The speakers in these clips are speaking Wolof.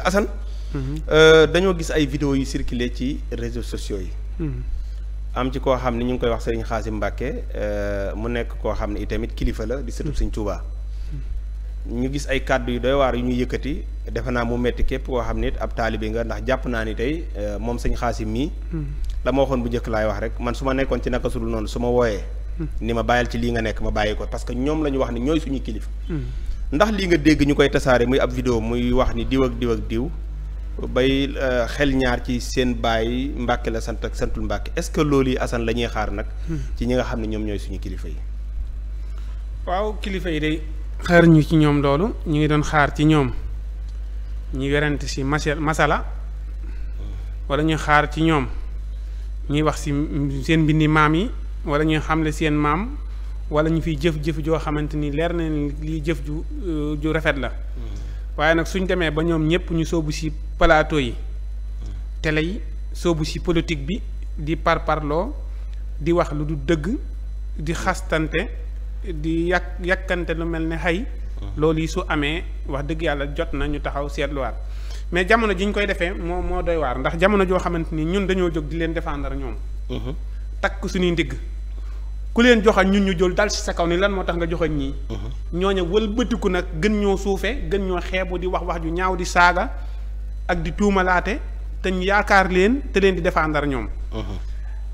Assane mhm. euh, dañoo gis ay vidéo yu circulé ci réseaux sociaux yi mhm. am ci koo xam ne ñu ngi koy wax Serigne Xaasim Mbàkke euh, mu nekk koo xam ne itamit kilifa la di sëtub mhm. Serigne Touba ñu gis ay kàddu yu doy waar yu ñuy yëkkati defe naa mu metti képp koo xam ne it ab taalibi nga ndax jàpp naa ni tey euh, moom Serigne Xaasim mii la ma waxoon bu jëkk laay wax rek man su ma nekkoon ci naka sudul noonu su ma wooyee ni ma bàyyil ci lii nga nekk ma bàyyi ko parce que ñoom la ñu wax ne ñooy suñu kilifa ndax lii nga dégg ñu koy tasaare muy ab vidéo muy wax ni diw ak diw ak diw bay euh, xel ñaar ci seen baay Mbàkke la sant ak santul Mbàkke est-ce que loolu yi Assane la ñuy xaar nag. ci ñi nga xam ne ñoom ñooy suñu kilifa yi. waaw kilifa yi de xaar ñu ci ñoom loolu ñu ngi doon xaar ci ñoom ñu werante si masala wala ñu xaar ci ñoom ñuy wax si seen mbindi maam yi walla ñuy xamle seen maam wala ñu fi jëf-jëf joo xamante nii leer na ni lii jëf ju euh, ju rafet la mm-hmm. waaye nag suñ demee ba ñoom ñëpp ñu soobu si plateau yi mm-hmm. télé yi soobu si politique bi di parparloo di wax lu du dëgg di xastante di yàq yàkkante lu mel ni xay mm-hmm. loolu yi su amee wax dëgg yàlla jot na ñu taxaw seetluwaat mais jamono ji ñu koy defee moo moo doy waar ndax jamono joo xamante ni ñun dañoo jóg di leen défendre ñoom takk suñuy ndigg ku leen joxañ ñun ñu jël dal ci sa kaw ni lan moo tax nga joxañ ñii uh-huh. ñooñu wëlbatiku nag gën ñoo suufee gën ñoo xeebu di wax wax ju ñaaw di saaga ak di tuumalaate te ñu yaakaar leen te leen di défendre ñoom uh-huh.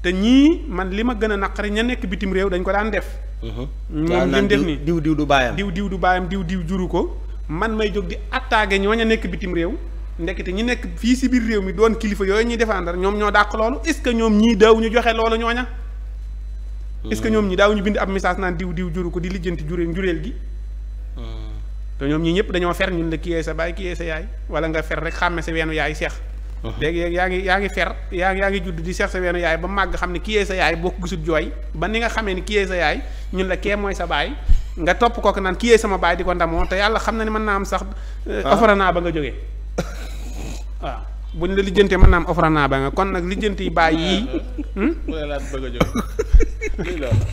te ñii man li ma gën a naqari ña nekk bitim réew dañ ko daan def moom uh-huh. lim def ni diw diw du baayam diw diw diw diw juru ko man may jóg di attaqué ñooña nekk bitim réew ndekete ñi nekk fii si biir réew ñoom ñoo dàq loolu est ce que ñoom ñii daaw ñu joxe loolu ñooña est-ce que ñoom ñi daawuñu bind ab message naan diw diw juru ko di lijjanti jureel jureel gi. Hmm. te ñoom ñii ñëpp dañoo fer ñun la kiyee sa baay kiyee sa yaay wala nga fer rek xàmme sa weenu yaay seex. Hmm. léegi yaa ngi yaa ngi fer yaa ngi ngi judd di seex sa weenu yaay ba màgg xam ne kiyee sa yaay boo ko gisul jooy ba ni xamee ni kiyee sa yaay ñun la kee mooy sa baay nga topp ko naan kiyee sama baay di ko ndamoo te yàlla xam na ne man naa am sax. Ah. offara naa ba nga jógee waaw buñ la lijjantee man naa am offara naa ba nga kon nag lijjanti baay yii. Hmm? lii loolu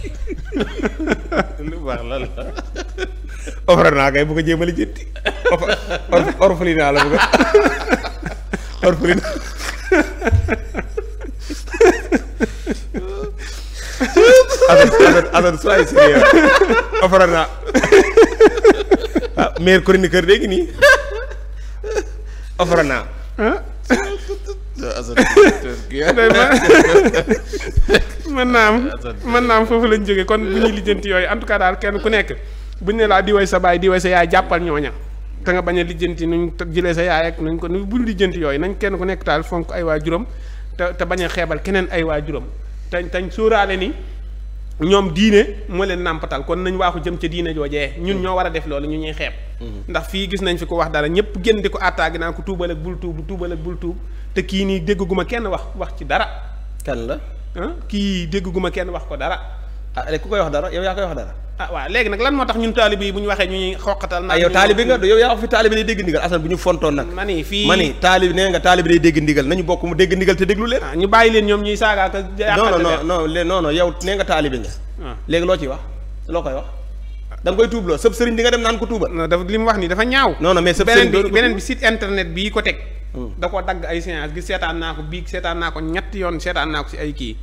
lu baax la la. offre naa kay bu ko jéem a lijjanti. orphelinat la bu ko orphelinat. Assane sois sérieux offre naa ah meilleur chroniqueur léegi nii offre naa. Ah. mën naa am naa am foofu lañ jógee kon bu ñuy lijjanti yooyu en tout cas daal kenn ku nekk buñ ne laa di way sa baay di way sa yaay jàppal ñooña te nga bañ a lijjanti nuñ jëlee sa yaay ak nuñ ko nu bu lijjanti yooyu nañ kenn ku nekk daal fonk ay waa te te bañ a xeebal keneen ay waa waajuram tañ tañ sóoraale ni ñoom diine moo leen nàmpatal kon nañ waaxu jëm ca diine joojee ñun ñoo war a def loolu ñu ñuy xeeb mm-hmm. ndax fii gis nañ fi ko wax dara ñëpp génn di ko attaqué naan ko tuubal ak bul tuub tuubal ak bul tuub te kii nii dégguma kenn wax wax ci dara kan la kii dégguma kenn wax ko dara ah ku koy wax dara yow yaa koy wax dara ah waaw léegi nag lan moo tax ñun taalibe yi bu ñu waxee ñuy xoqatal naa ah, yow yaa wax fi taalibe day dégg ndigal asan bu ñu fontoon dégg ndigal nañu bokk mu dégg ndigal te déglu leen ah, ñu bàyyi leen ñoom ñuy saaga ak non non non non non nee nga taalibe nga ah. léegi loo ciy wax loo koy wax da nga koy tuubloo sëb sëriñ di dem naan ko tuubal li mu wax nii dafa ñaaw non non mais sëb sëriñ beneen bi site bi ko teg da ko dagg ay séance gi seetaan naa ko biig seetaan naa ko ñett yoon seetaan naa ko si ay kii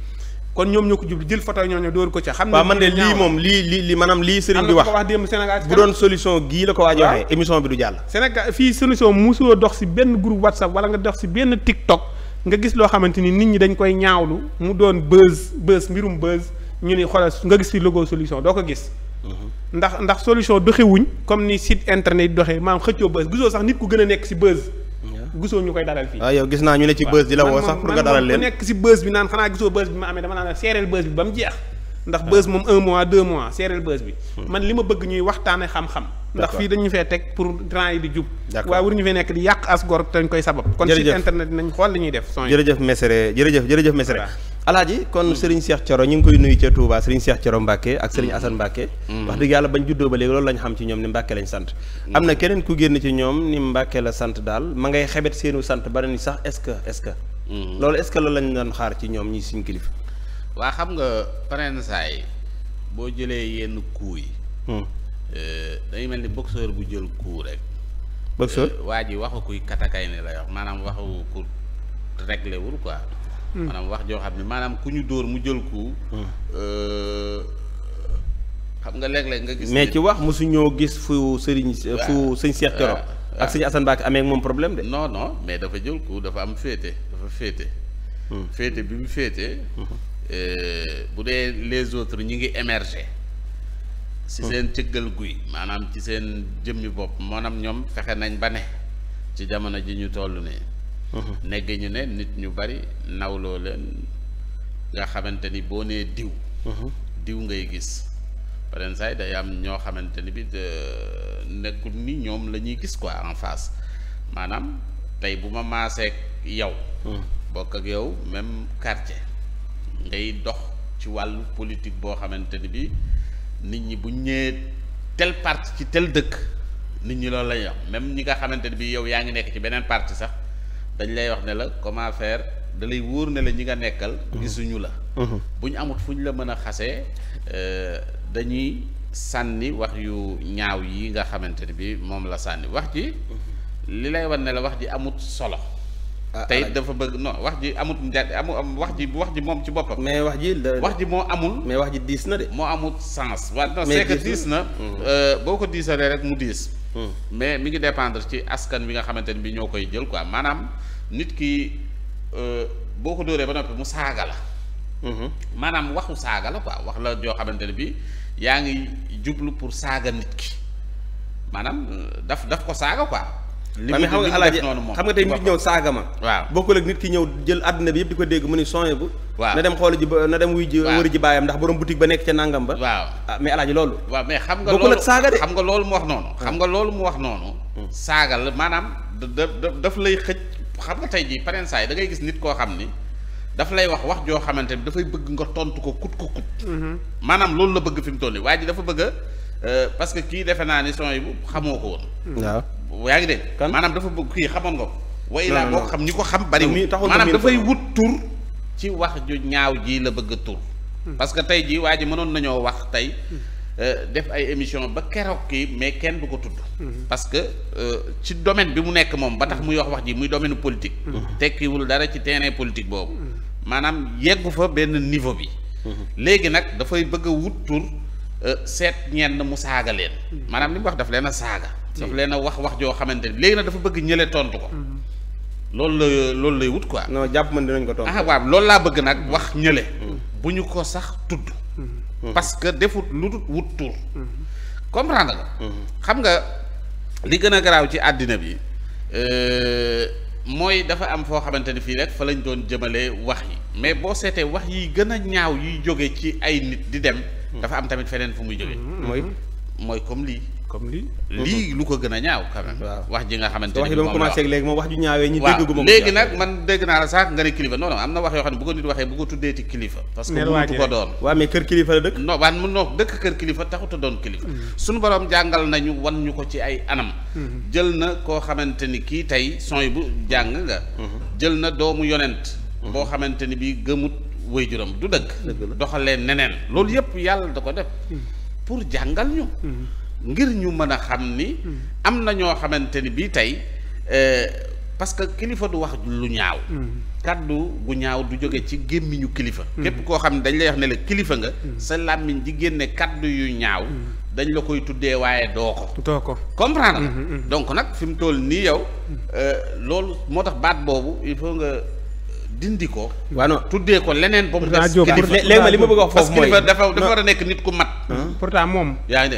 kon ñoom ñoo ko jublu jël photo ñoo ñoo ko ca xam ne waaw man de lii moom lii lii lii maanaam lii sëriñ bi wax wax démb Sénégal bu doon solution gii la ko waaj waxee émission bi du jàll Sénégal fii solution musuloo dox si benn groupe WhatsApp wala nga dox si benn TikTok nga gis loo xamante ni nit ñi dañ koy ñaawlu mu doon buzz buzz mbirum buzz ñu ni xoolal nga gis fi logo solution doo ko gis mm-hmm. ndax ndax solution doxewuñ comme ni site internet yi doxee maanaam xëccoo buzz gisoo sax nit ku gën a nekk si buzz gisoo ñu koy dalal fii waaw ah, gis naa ñu ne ci bës di la woo sax pour nga dalal leen man nekk si bës bi naan xanaa gisoo bës bi ma amee dama naan seereel bës bi mois deux mois seereel bës bi hmm. man li ma bëgg ñuy waxtaane xam-xam ndax fii dañu fee teg pour rang yi di jub waaye waruñu fee nekk di yàq asgor te ñu koy sabab kon si internet nañ xool li ñuy def son jërëjëf mesere jërëjëf jërëjëf mesere alaaji kon mm. Serigne Cheikh Thioro ñu ngi koy nuyu ca Touba Serigne Cheikh Thioro Mbacke ak Serigne mm. Assane Mbacke. Mm. wax dëgg yàlla bañ juddoo ba léegi loolu lañ xam ci ñoom ni Mbacke lañ sant. am na keneen ku génn ci ñoom ni Mbacke la sant daal ma ngay xebet seenu sant ba ni sax est-ce que est-ce que. loolu est-ce que loolu lañ doon xaar ci ñoom ñi suñ kilifa. waa xam nga paren saay boo jëlee yenn coup yi. Euh, dañu mel ni boxeur bu jël coup rek. boxeur euh, waa ji waxu kuy katakay ne la wax maanaam waxu ku wul quoi. maanaam wax joo xam ne maanaam ku ñu dóor mu jël ko. Hmm. Euh, xam nga léeg-léeg nga gis. mais ci wax mosu gis fu sëriñ. fu sëñ Cheikh euh, Thioro ak euh, sëñ Assane Mbacké amee ak moom problème de. non non mais dafa jël ko dafa am féete dafa féete. Hmm. féete bi mu féete. Hmm. bu dee les autres ñi ngi émerger. ci seen cëggal guy maanaam ci seen jëmmi bopp maanaam ñoom fexe nañ ba ne ci jamono ji ñu toll nii. negg ñu ne nit ñu bari nawloo leen nga xamante ni boo nee diw mhm. diw ngay gis paren say day am ñoo xamante ni bi nekkut ni ñoom la ñuy gis quoi en face maanaam tey bu ma maaseek yow mhm. bokk ak yow même kartie ngay dox ci wàllu politique boo xamante ni bi nit ñi bu ñëwee tel parti ci tel dëkk nit ñi loolu la ñuy wax même ñi nga xamante ni bi yow yaa ngi nekk ci beneen parti sax dañ lay wax ne la comment faire dalay wóor ne la ñi nga nekkal. gisuñu la. Mhm. bu ñu amut fu ñu la mën a xasee euh, dañuy sànni wax yu ñaaw yi nga xamante ne bi moom la sànni wax ji. li lay wan ne la wax ji amut solo. Ah, tey ah. dafa bëgg non wax ji amut nja amu am wax ji wax ji moom ci boppam. mais wax ji wax ji moo amul. mais wax ji diis na de. moo amut sens. mais diis na waaw diis na. Mhm. Euh, boo ko diisalee rek mu diis. mais mi ngi dépendre ci askan wi nga xamante ne bi ñoo koy jël quoi maanaam nit ki euh, boo ko dóoree ba noppi mu saaga la mm-hmm. maanaam waxu saaga la quoi wax la joo xamante ne bi yaa ngi jublu pour saaga nit ki maanaam euh, daf daf ko saaga quoi li mu xam nga alaaji xam nga tey nit ñëw saaga ma waaw bokkul ak nit ki ñëw jël àdduna bi yëpp di ko dégg mu ni songe bu waaw na dem xool ji na dem wuy ji wër ji baayam ndax borom boutique ba nekk ca nàngam ba waaw ah, mais alaaji loolu waaw mais xam nga bokkul ak saaga nga loolu mu wax noonu xam nga loolu mu wax noonu hmm. saaga la maanaam da daf lay xëj xam nga tey ji parents saa yi da ngay gis nit koo xam ni daf lay wax wax joo xamante ni dafay bëgg nga tontu ko kut ko kut hmm. maanaam loolu la bëgg fi mu toll nii waa ji dafa bëgg euh, parce que kii defe naa ni son yi bu xamoo ko woon hmm. waaw yaa ngi dégg. maanaam dafa bëgg kii xamoon nga ko. way laa boo xam ñi ko xam bariwul maanaam dafay wut tur ci wax ju ñaaw ji la bëgg a tur hmm. parce que tey jii waa ji mënoon nañoo wax tey hmm. euh, def ay émission ba keroog kii mais kenn du ko tudd hmm. parce que euh, ci domaine bi mu nekk moom ba tax muy wax wax ji muy domaine politique tekkiwul dara ci terrain politique boobu maanaam yeggu fa benn niveau bi léegi nag dafay bëgg a wut tur Euh, seet ñenn mu saaga leen mm-hmm. maanaam li mu wax daf leen a saaga mm-hmm. daf leen a wax wax joo xamante ni léegi nag dafa bëgg ñële tontu ko mm-hmm. loolu la loolu lay wut quoi non jàpp man dinañ ko tontu ah waaw loolu laa bëgg nag wax ñële bu ñu ko sax tudd parce que defut lu dul wut tur comprendre nga xam nga li gën a garaaw ci àddina bi euh, mooy dafa am foo xamante ni fii rek fa lañ doon jëmale wax yi mais boo seetee wax yi gën a ñaaw yuy jóge ci ay nit di dem dafa am tamit feneen fu muy jógee. Mm-hmm. mooy mooy comme lii. comme lii lii mm-hmm. lu ko gën a ñaaw quand même. Mm-hmm. wax ji nga xamante ni moom la wax léegi moom wax ju ñaawee ñi dégg léegi nag man dégg naa la sax nga ne kilifa non am na wax yoo xam ne bu ko nit waxee bu ko tuddee ci kilifa. parce que mënut ko doon. waaw mais kër kilifa la dëkk. non waaw mun noo dëkk kër kilifa taxut a doon kilifa. suñu borom jàngal nañu wan ñu ko ci ay anam. jël na koo xamante ni kii tey son bu jàng nga. jël na doomu yonent. boo xamante ni bii gëmut way juram du dëgg doxalee neneen loolu yëpp yàlla da ko def hmm. pour jàngal ñu hmm. ngir ñu mën a xam ni hmm. am na ñoo xamante ni bii tey euh, parce que kilifa du wax lu ñaaw kàddu gu ñaaw du jóge ci gémmiñu kilifa képp koo xam ne dañ lay wax ne la kilifa nga sa làmmiñ di génne kàddu yu ñaaw dañ la koy tuddee waaye doo ko doo ko comprendre donc nag fi mu nii yow euh, loolu moo tax baat boobu il faut nga dindi ko. waaw non tuddee ko leneen. ba mu des léegi ma li ma bëgg a wax foofu mooy dafa dafa war a nekk nit ku mat. pourtant moom.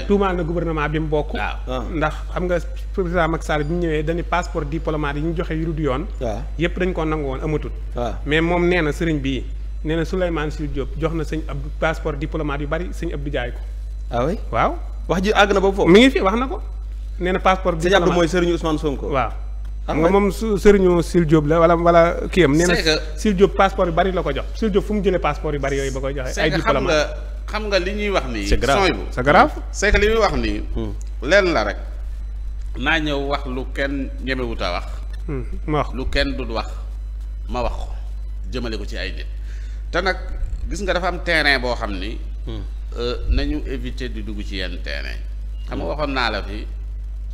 tuumaal na gouvernement bi mu bokk. Ah. ndax xam nga président Macky Sall bi ñu ñëwee dañu passeport diplomate yi ñu joxe yu dul yoon. waaw ah. yëpp dañu ko nangu woon amatul. Ah. mais moom nee na sëriñ bii nee na Souleymane Sy Diop jox na sëñ Abdou passeport diplomate yu bari sëñ Abdou jaay ko. waaw. wax ji àgg na boobu foofu. mi ngi fi wax na ko. nee na passeport diplomate sëñ Abdou mooy sëriñu Ousmane Sonko waaw xam nga moom su sëriñu Sil Diop la wala wala kii am. nee na Sil Diop passeport yu bari la ko jox Sil Diop fu mu jëlee passeport yu bari yooyu ba koy joxe. ay diplôme xam nga li ñuy wax nii. c'est grave c'est grave hmm. c'est li ñuy wax nii. Hmm. leen la rek naa ñëw wax lu kenn ñemewut a hmm. ma wax lu kenn dul wax ma wax ko jëmale ko ci ay te nag gis nga dafa am terrain boo xam ni. Euh, nañu éviter di dugg ci yenn terrain. xam nga waxoon naa la fi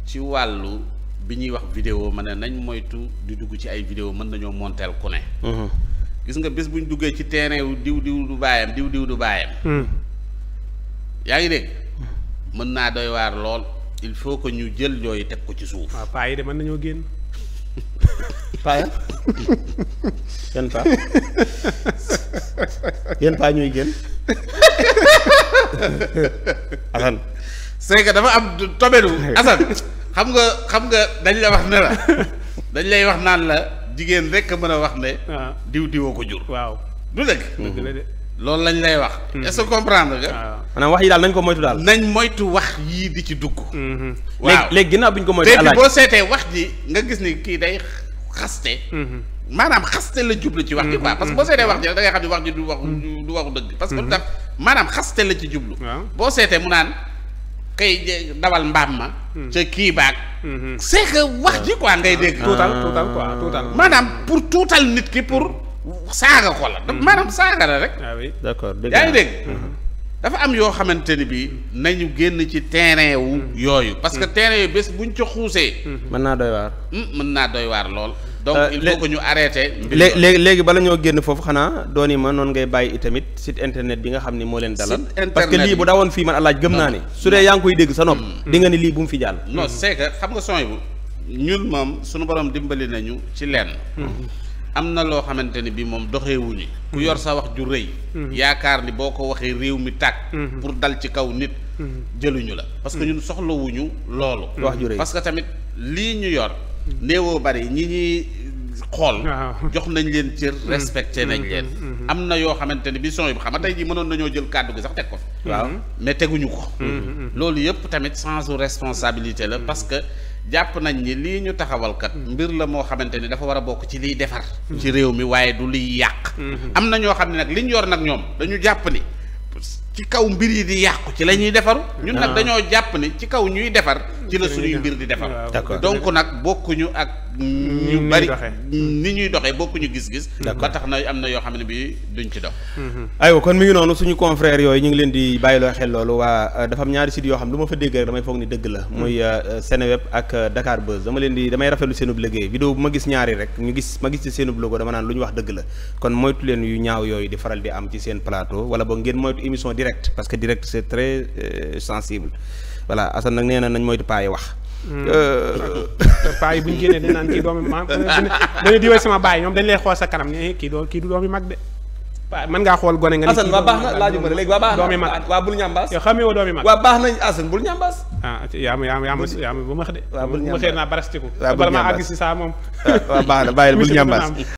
ci wàllu. bi ñuy wax vidéo ma ne nañ moytu di dugg ci ay vidéo mën nañoo monteel ku ne. Mhm. gis nga bés bu ñu duggee ci terrain wu diw diw du baayam diw diw du baayam. Hmm. yaa ngi dégg mën naa dooy waar lool il faut que ñu jël yooyu teg ko ci suuf. Ah, paa yi de mën nañoo génn. paa ya yan paa yan paa ñooy génn. Assane. c'est dafa am tobelu Assane. xam nga xam nga dañ la wax ne la dañ lay wax naan la jigéen rek mën a wax ne. Ah. diw diwoo ko jur. waaw du dëgg. dëgg mm-hmm. lañ lay wax. Mm-hmm. est-ce que comprendre nga. Ah. maanaam wax yi daal nañ ko moytu daal. nañ moytu wax yii di ci dugg. Mm-hmm. waaw léegi ginnaaw bi ñu ko moytu. alaaj boo seetee wax ji nga gis ni kii day xaste. maanaam xaste la jublu ci wax ji quoi parce que boo seetee wax ji rek da xam ne wax ji du wax du waxu dëgg. parce que lu tax maanaam xaste la ci jublu. boo seetee mu naan. kay dawal mbaam ma. ca hmm. kii baag. Hmm. c'est wax ji quoi ngay dégg. Ah. tuutal tuutal quoi tuutal. maanaam pour tuutal nit ki pour saaga ko la. Hmm. maanaam saaga la rek. ah dégg dafa am yoo xamante ni bii nañu génn ci terrain wu. yooyu parce que terrain yu bés buñ ca xuusee. mën naa doy waar. mën naa doy waar lool. donc euh, il faut ñu arrêté. léegi léegi bala ñoo génn foofu xanaa dooni ma noonu ngay bàyyi itamit site internet bi nga xam ni moo leen dalal. parce que lii bu dawoon fii man laaj gëm naa ni su dee yaa ngi koy dégg sa nopp. Mm. di nga ni lii bu mu fi jàll. non mm. c'est que xam nga sooy bu ñun moom suñu boroom dimbali nañu ci lenn. Mm. am na loo xamante ni bi moom doxeewuñu ku yor sa wax ju rëy. yaakaar ni boo ko waxee réew mi tàkk. pour dal ci kaw nit. jëluñu la parce que ñun soxlawuñu loolu. wax ju rëy parce que tamit lii ñu yor. néewoo bari ñi ñuy xool jox nañ leen cër mm. respecté nañ mm. leen mm. am na yoo xamante ni bi son yi xam nga tey jii mënoon nañoo jël kàddu gi sax teg ko fi waaw mais teguñu ko loolu yëpp tamit sensu responsabilité la parce que jàpp nañ ni lii ñu taxawalkat mbir la moo xamante ni dafa war a bokk ci liy defar ci réew mi waaye du liy yàq am na ñoo xam ne nag liñ yor nag ñoom dañu jàpp ni ci kaw mbir yi di yàqu ci la ñuy defaru ñun nag ah. dañoo jàpp ne ci kaw ñuy defar ci la suñuy mbir di defar donc nag bokkuñu ak ñu bari ni ñuy bokku ñu gis-gis. ba tax na am na yoo xam ne bi duñ ci dox. Mhm. aywa kon mi ngi noonu suñu confrère yooyu ñu ngi leen di bàyyiloo xel loolu waa euh, dafa am ñaari sites yoo xam lu ma fa dégg rek damay foog ni dëgg la. Mhm. muy euh, euh, Seneweb ak Dakar Buzz dama leen di damay rafetlu seenub liggéey vidéo bu ma gis ñaari rek ñu gis ma gis ci seenub logo dama naan lu ñu wax dëgg la kon moytu leen yu ñaaw yooyu di faral di am ci seen palato wala boo ngeen moytu émission direct parce que direct c'est très sensible voilà Assane nag nee na nañ moytu paay wax Euh, euh, paa yi bu ñu génnee dañ naan kii doomi ma dañu diwee sama baay ñoom dañ lay xool sa kanam ne eh, kii doo kii du doomi mag de waaw mën ngaa xool gone nga ni Assane waa baax na laaju ma ne léegi waa baax na doomi mag waa bul ñambaas yow xamee woo doomi mag waa baax nañ Assane bul ñambaas ah yaa ma yaa ma yaa ma yaa ma bu ma xëy de bu ma xëy bala maa àgg saa moom waa baax na bàyyil bul ñambaas